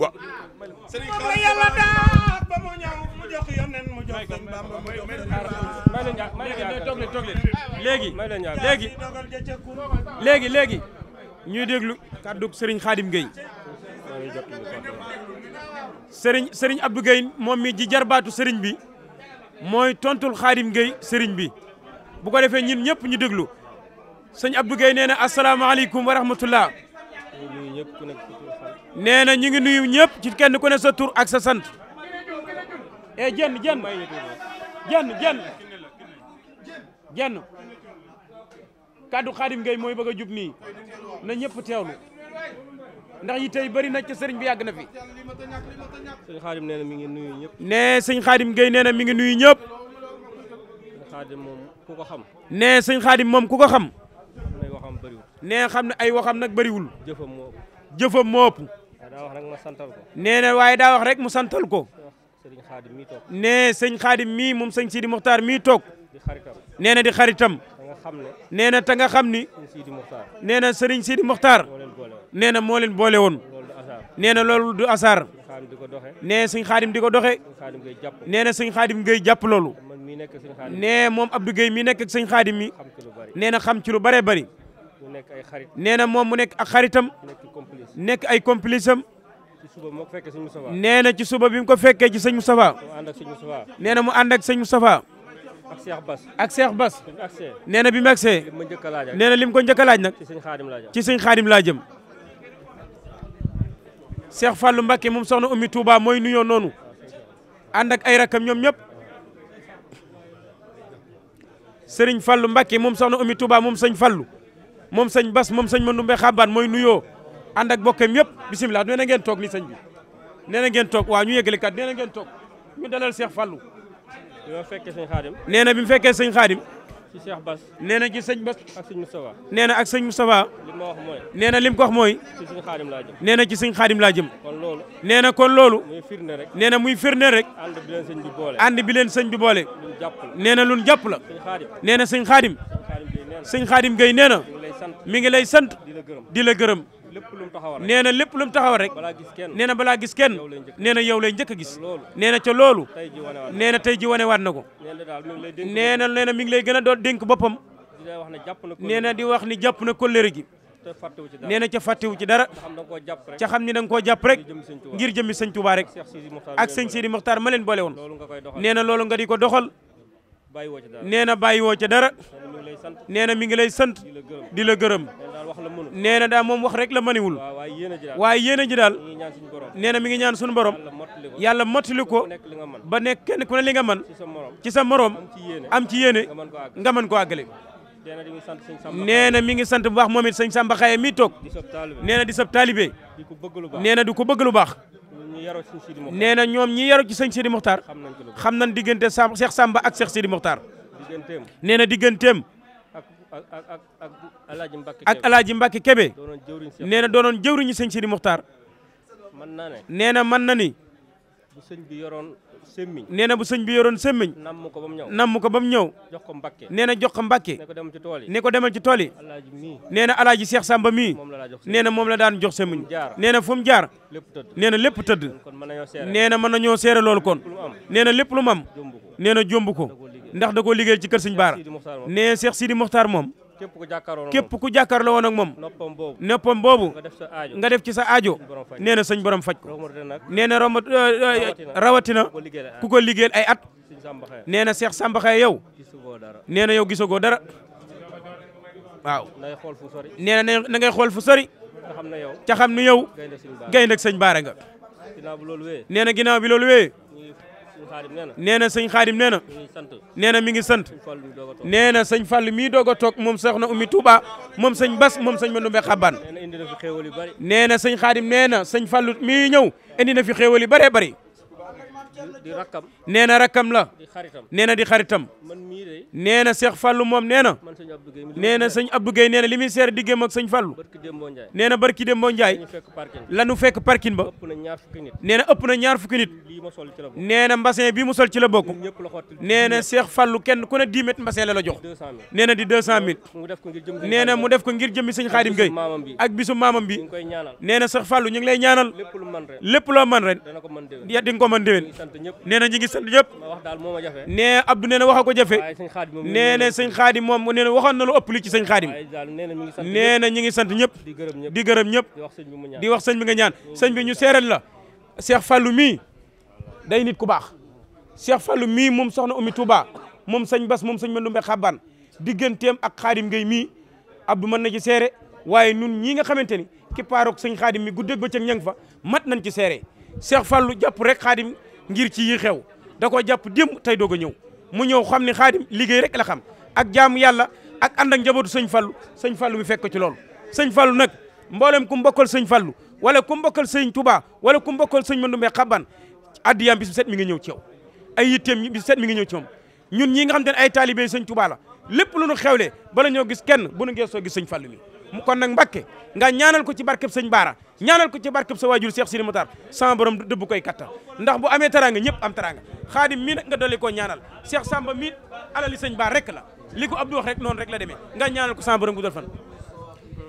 wa léegi léegi léegi léegi ñuy déglu kàddu Serigne Khadim Gueye Serigne Serigne Abdou Gueye moom mi ji jarbaatu sëriñ bi mooy tontul Khadim Gueye sëriñ bi bu ko defee ñun ñëpp ñu déglu sëñ ab Gueye nee na asalaamaaleykum wa rahmatullah ñu ngi nuyu ñëpp ci kenn ku ne sa tur ak sa sant e jenn jenn jenn jenn jenn kaddu ngay mooy bëgg a jub nii na ñëpp teewlu ndax yi tey bëri na ci sëriñ bi yàgg na fi. sëñ xaadim nee na mi ngi nuyu ñëpp. nee sëñ xaadim ngay nee na mi ngi nuyu ñëpp. sëñ xaadim moom ku ko xam. nee sëñ xaadim moom ku ko xam. nee waxam bëriwul. xam ne ay waxam nag bëriwul. jëfam moo ëpp. jëfam moo ëpp. nee na waaye daa wax rek mu santal ko. sëriñ xaadim mii toog nee sëñ xaadim mii moom sëñ Sidi Muxtaar mii toog nee na di xaritam nee na ta nga xam ni nee na sëriñ Sidi Muxtaar nee na moo leen boole woon nee na loolu du asaar nee sëñ xaadim di ko doxe nee na sëñ xaadim ngay jàpp loolu nee moom Abdou Guèye mii nekk ak sëñ xaadim mi nee na xam ci lu bëree bëri nee na moom mu nekk a xaritam nekk ay complice am nee na ci suba bi mu ko fekkee ci sëñ Moustapha. nee na mu ànd ak sëñ Moustapha. ak Cheikh Bass ak Cheikh Bass nee na bi mu agsee nee na lim ko njëkk a laaj nag ci sëñ Xaadim laa jëm Cheikh Fallou Mbacké moom soxna Oumy Touba mooy nuyoo noonu ànd ak ay rakkam ñoom ñëpp Serigne Fallou Mbacké moom soxna Oumy moom sëñ Fallou moom sëñ Bass moom sëñ Mandoumbe Xabaan mooy nuyoo ànd ak bokkam yëpp bisimilah nee na ngeen toog ni sëñ bi nee na ngeen toog waaw ñu yëgale kat nee ngeen toog ñu dalal Cheikh Fallou. bi ma fekkee sëñ nee na bi mu fekkee sëñ Xaadim. ci Cheikh nee na ci sëñ Bass. ak sëñ Moustapha. nee na ak sëñ Moustapha. li ma mooy. nee na lim ko wax mooy. ci sëñ Xaadim nee na ci sëñ Xaadim laa jëm. kon loolu. nee na kon loolu. muy rek. nee na muy firnde rek. ànd bi sëñ bi boole. ànd bi leen sëñ bi boole. jàpp la nee na luñ jàpp la. nee na sëñ Xaadim. sëñ Xaadim Gueye nee na. mi ngi lay sant. di la gërëm nee na lépp lu mu taxaw rek nee na balaa gis kenn nee na yow lay njëkk a gis nee na ca loolu nee na tey ji wanewaat na ko nee na nee na mi ngi lay gën a doon dénk boppam nee na di wax ni jàpp na kóllëre gi nee na ca fàttewu ci dara ca xam ni da nga koo jàpp rek ngir jëmmi sëñ Touba rek ak sëñ Sidi Mokhtar ma leen boole woon nee na loolu nga di ko doxal nee na bàyyiwoo ca dara nee na mi ngi lay sant di la gërëm wax la mënul nee na daal moom wax rek la mëniwul waaye yéen a ji daal nee na mi ngi ñaan suñu borom yàlla mottali ko ba nekk kenn ku ne li nga mën ci sa morom am ci yéene nga mën ko àggale nee na mi ngi sant bu baax moom it sëñ Samba Xaye mi toog nee na di sab taalibe nee na di ko bëgg lu baax nee na ñoom ñi yaru ci sëñ Sidi Mokhtar xam nañ diggante Cheikh Samba ak Cheikh Sidi Mokhtar nee na digganteem ak ak alaaji Mbàkke Kebe nee na doonoon jëwriñu sëñ Sidi Muxtaar mën na ne nee na mën na ni bu sëñ bi yoroon semmiñ nee na bu sëñ bi yoroon semmiñ namm ko ba mu ñëw namm ko ba mu ñëw jox ko Mbàkke nee na jox ko Mbàkke ne ko demal ci tool yi ne ko ci tool yi alaaji mii nee na alaaji Seex Sàmba mii nee na moom la daan jox semmiñ nee na fu mu jaar nee na lépp tëdd man na mën nañoo seere loolu kon nee na lépp lu mam nee na ko ndax da koo liggéeyal ci kër sëñ Baara nee Cheikh Sidi Mokhtar moom képp ku jàkkaarloo woon ak moom noppam boobu nga def ci sa aajo nee na sëñ borom faj ko nee na euh, euh, rawatina ku ko liggéeyal ay at nee na Cheikh Samba Xaye yow nee na yow gisagoo dara waaw nee na na xool fu sari ca xam ne yow gaynde ak sëñ Baara nga nee na ginnaaw bi loolu wee nee na sëñ xaadim nee na nee na mi ngi sant nee na sëñ Fall mii doog a toog moom soxna Oumy Touba moom sëñ Bas moom sëñ Mandoumbe Xabaan nee na sëñ xaadim nee na sëñ Fall mii ñëw indi na fi xéewal yu bare bëri di rakkam la. di di xaritam. man mii de. moom nee na. man sëñ Abdou Guèye nee na sëñ Abdou Guèye barki Dembo Ndiaye nee fekk parking ba lañu ëpp na ñaar fukki nit. nee bii mu sol ci la bokk. ñëpp la xotti kenn ku ne 10 mètres mbasin la la di 200000. nee mu def ko ngir jëmmi sëñ Xaadim Guèye ak bisu maamam bi nee na Cheikh Fallou ñaanal lépp loo man ren di ko mën déwén nee na ñu ngi sant ñëpp nee Abdou nee na wax a ko jafe nee na sëñ xaadim moom nee na waxoon na lu ëpp li ci sëñ xaadim nee na ñu ngi sant ñëpp di gërëm ñëpp di wax sëñ bi nga ñaan sëñ bi ñu seeral la Cheikh Fallou mii day nit ku baax Cheikh Fallou mii moom soxna Oumy Touba moom sëñ Bas moom sëñ Mandoumbe Xaban digganteem ak xaadim ngay mii Abdou mën na ci seere waaye ñun ñii nga xamante ni ki paaroog sëñ xaadim mi guddeeg bëccëg ña nga fa mat nañ ci seere Cheikh Fallou jàpp rek xaadim ngir ci yi xew da koo jàpp démb tey doog a ñëw mu ñëw xam ne xaadim liggéey rek la xam ak jaamu yàlla ak ànd ak njabootu sëñ fallu sëñ fallu bi fekk ko ci loolu sëñ fallu nag mboolem ku mbokkal sëñ fallu wala ku mbokkal sëñ tuba wala ku mbokkal sëñ mee xaban addiyaam bis bu set mi ngi ñëw ci yow ay yitteem bis bu set mi ngi ñëw ci moom ñun ñi nga xam te ne ay taalibe sëñ tuba la lépp lu nu xewlee bala ñoo gis kenn bu nu geesoo gis sëñ fallu mi kon nag Mbàkke nga ñaanal ko ci barkeb sëñ Baara ñaanal ko ci barkeb sa waajur Cheikh Sidi Moutar sama borom dëbb koy kattan ndax bu amee teraanga ñëpp am teraanga xaadim mii nga dolli koo ñaanal Cheikh Samba mii alali sëñ Baara rek la li ko Abdou wax rek noonu rek la demee nga ñaanal ko sama borom guddal fan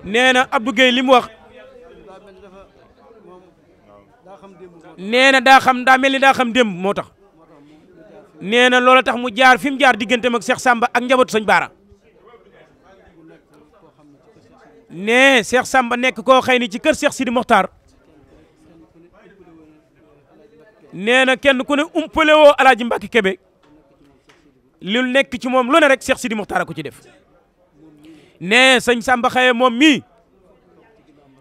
nee na Abdou Gueye li mu wax nee na daa xam daa mel ni daa xam démb moo tax nee na loola tax mu jaar fi mu jaar diggante ak Cheikh Samba ak njabootu sëñ Baara nee Cheikh Samba nekk koo xëy ni ci kër Cheikh Sidi Mokhtar nee na kenn ku ne umpale woo Alaaji Mbàkke Kebe li nekk ci moom lu ne rek Cheikh Sidi Mokhtar a ci def nee sëñ Samba xëye moom mii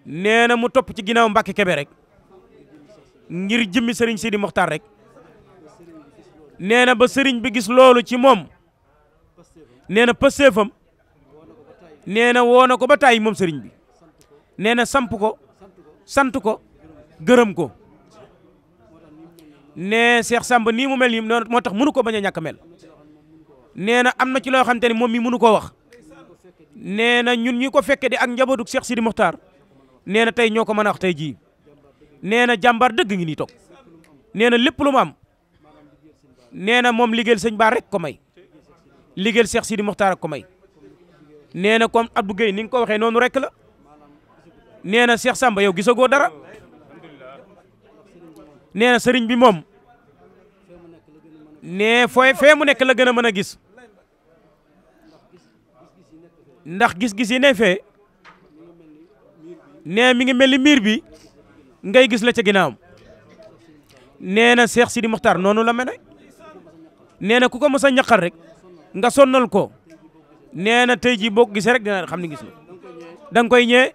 nee na mu topp ci ginnaaw Mbàkke Kebe rek ngir jëmmi sëriñ Sidi Mokhtar rek nee na ba sëriñ bi gis loolu ci moom nee na pësteefam nee na woo na ko ba tàyyi moom sëriñ bi nee na samp ko sant ko gërëm ko nee Cheikh Samba nii mu mel nii noonu moo tax mënu ko bañ a ñàkk mel nee na am na ci loo xamante ni moom mi mënu koo wax nee na ñun ñi ko fekke di ak njabootu Cheikh Sidi Mokhtar nee na tey ñoo ko mën a wax tey jii nee na jàmbaar dëgg ngi nii toog nee na lépp lu mu am nee na moom liggéeyal sëñ Ba rek ko may liggéeyal Cheikh Sidi Mokhtar ak ko may. nee na comme Abdou Gueye ni nga ko waxee noonu rek la nee na Cheikh Samba yow gisagoo dara nee sëriñ bi moom nee fooy fee mu nekk la gën a mën a gis ndax gis-gis yi ne fee nee mi ngi mel ni miir bi ngay gis la ca ginnaawam nee na Cheikh Sidi Mokhtar noonu la mel ne nee na ku ko mos a ñaqal rek nga sonnal ko nee na tey jii boo ko gisee rek dina xam ne gis na koy ñëwee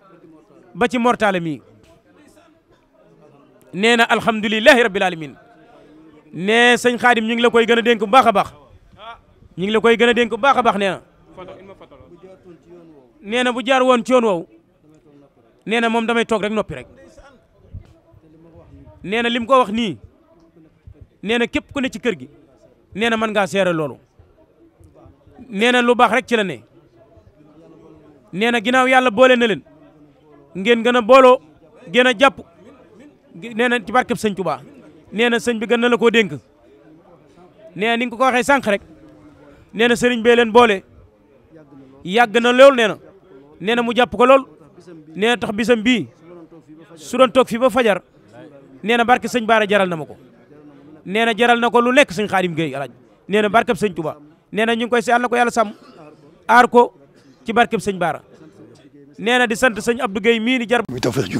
ba ci mortale mii nee na alhamdulilahi rabbil alamin nee sëñ xaadim ñu ngi la koy gën a dénk bu baax a baax ñu ngi la koy gën a dénk bu baax a baax nee nee na bu jaar woon ci yoon woowu nee na moom damay toog rek noppi rek nee na lim ko wax nii nee na képp ku ne ci kër gi nee na mën ngaa seere loolu nee na lu baax rek ci la ne nee na ginnaaw yàlla boole na leen ngeen gën a booloo gën a jàpp nee na ci barkeb sëñ Tuubaa nee na sëñ bi gën na la koo dénk nee na ni nga ko waxee sànq rek nee na sëriñ bee leen boole yàgg na lool nee na nee na mu jàpp ko lool nee na tax bisam bii su doon toog fii ba fajar nee na barke sëñ Baara jaral na ma ko nee na jaral na ko lu nekk sëñ Xaadim Géey alaaj nee na barkeb sëñ nee na ñu ngi koy si yàlla ko yàlla sam aar ko ci barkeb sëñ Baara nee na di sant sëñ Abdou Guèye mii di jar. muy tawfeex ju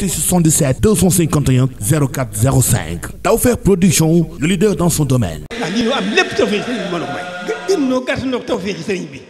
woote 77 251 04